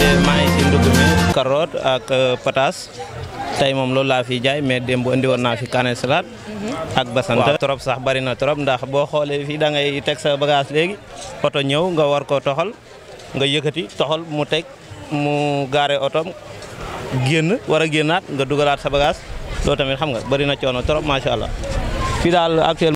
de maa ngi si ndugg mi ak euh, pataas tey moom loolu laa fi jaay mais démb indi woon naa fi kaane salade mhm. ak basanta trop sax bari na trop ndax boo xoolee fii da ngay teg sa bagage léegi oto ñëw nga war koo toxal nga yëkkati toxal mu teg mu gaare otom génn war a génnaat nga dugalaat sa bagas loolu tamit xam nga bari na coono trop macha allah fii daal actuellement